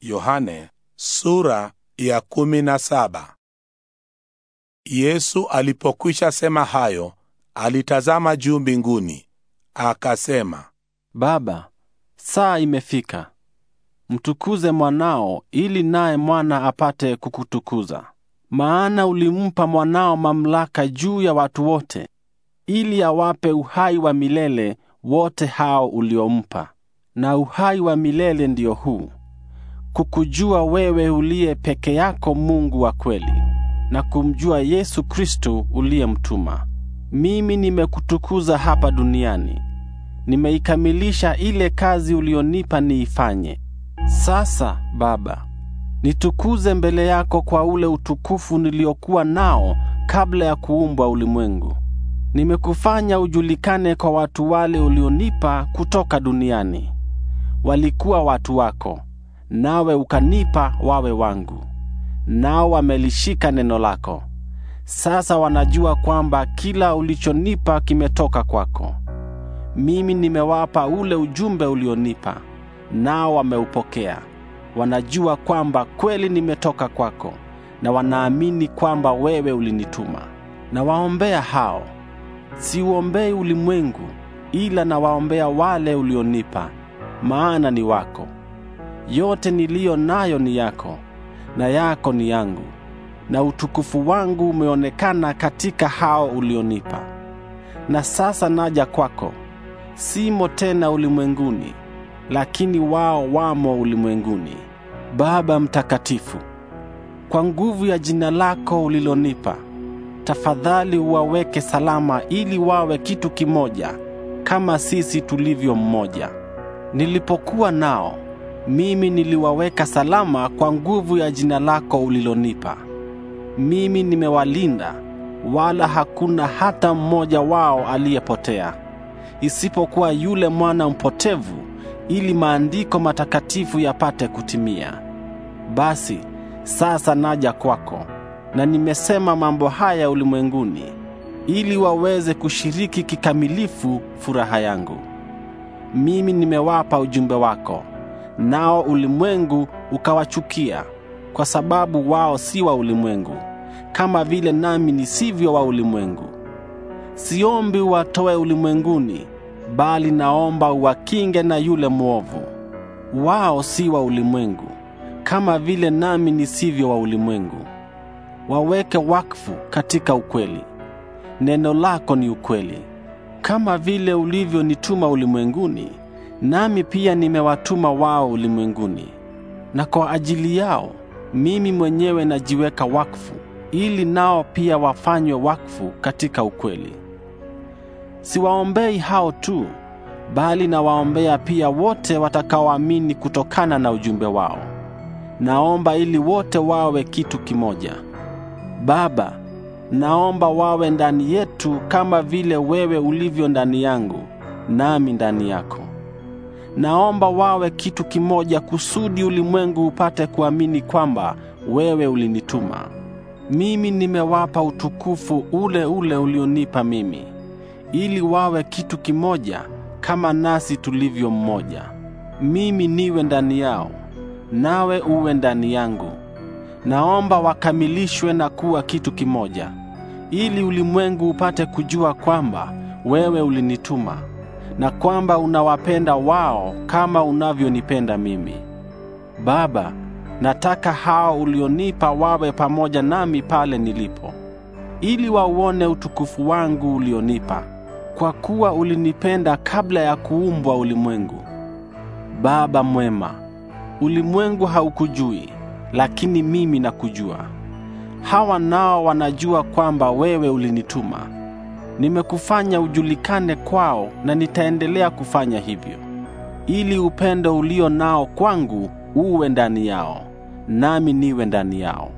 Yohane sura ya kumi na saba. Yesu alipokwisha sema hayo, alitazama juu mbinguni, akasema, Baba, saa imefika. Mtukuze mwanao ili naye mwana apate kukutukuza. Maana ulimpa mwanao mamlaka juu ya watu wote ili awape uhai wa milele wote hao uliompa. Na uhai wa milele ndio huu kukujua wewe uliye peke yako Mungu wa kweli na kumjua Yesu Kristo uliyemtuma. Mimi nimekutukuza hapa duniani, nimeikamilisha ile kazi ulionipa niifanye. Sasa Baba, nitukuze mbele yako kwa ule utukufu niliokuwa nao kabla ya kuumbwa ulimwengu. Nimekufanya ujulikane kwa watu wale ulionipa kutoka duniani. Walikuwa watu wako nawe ukanipa wawe wangu, nao wamelishika neno lako. Sasa wanajua kwamba kila ulichonipa kimetoka kwako. Mimi nimewapa ule ujumbe ulionipa, nao wameupokea. Wanajua kwamba kweli nimetoka kwako, na wanaamini kwamba wewe ulinituma. Na waombea hao, siuombei ulimwengu, ila nawaombea wale ulionipa, maana ni wako. Yote niliyo nayo ni yako, na yako ni yangu, na utukufu wangu umeonekana katika hao ulionipa. Na sasa naja kwako, simo tena ulimwenguni, lakini wao wamo ulimwenguni. Baba Mtakatifu, kwa nguvu ya jina lako ulilonipa, tafadhali uwaweke salama, ili wawe kitu kimoja kama sisi tulivyo mmoja. Nilipokuwa nao mimi niliwaweka salama kwa nguvu ya jina lako ulilonipa. Mimi nimewalinda, wala hakuna hata mmoja wao aliyepotea, isipokuwa yule mwana mpotevu, ili maandiko matakatifu yapate kutimia. Basi sasa naja kwako, na nimesema mambo haya ulimwenguni, ili waweze kushiriki kikamilifu furaha yangu. Mimi nimewapa ujumbe wako nao ulimwengu ukawachukia, kwa sababu wao si wa ulimwengu, kama vile nami nisivyo wa ulimwengu. Siombi uwatoe ulimwenguni, bali naomba uwakinge na yule mwovu. Wao si wa ulimwengu, kama vile nami nisivyo wa ulimwengu. Waweke wakfu katika ukweli. Neno lako ni ukweli. Kama vile ulivyonituma ulimwenguni nami pia nimewatuma wao ulimwenguni, na kwa ajili yao mimi mwenyewe najiweka wakfu, ili nao pia wafanywe wakfu katika ukweli. Siwaombei hao tu, bali nawaombea pia wote watakaoamini kutokana na ujumbe wao. Naomba ili wote wawe kitu kimoja. Baba, naomba wawe ndani yetu kama vile wewe ulivyo ndani yangu, nami ndani yako naomba wawe kitu kimoja, kusudi ulimwengu upate kuamini kwamba wewe ulinituma mimi. Nimewapa utukufu ule ule ulionipa mimi, ili wawe kitu kimoja kama nasi tulivyo mmoja, mimi niwe ndani yao, nawe uwe ndani yangu. Naomba wakamilishwe na kuwa kitu kimoja, ili ulimwengu upate kujua kwamba wewe ulinituma na kwamba unawapenda wao kama unavyonipenda mimi. Baba, nataka hao ulionipa wawe pamoja nami pale nilipo, ili wauone utukufu wangu ulionipa, kwa kuwa ulinipenda kabla ya kuumbwa ulimwengu. Baba mwema, ulimwengu haukujui, lakini mimi nakujua. Hawa nao wanajua kwamba wewe ulinituma nimekufanya ujulikane kwao na nitaendelea kufanya hivyo, ili upendo ulio nao kwangu uwe ndani yao, nami niwe ndani yao.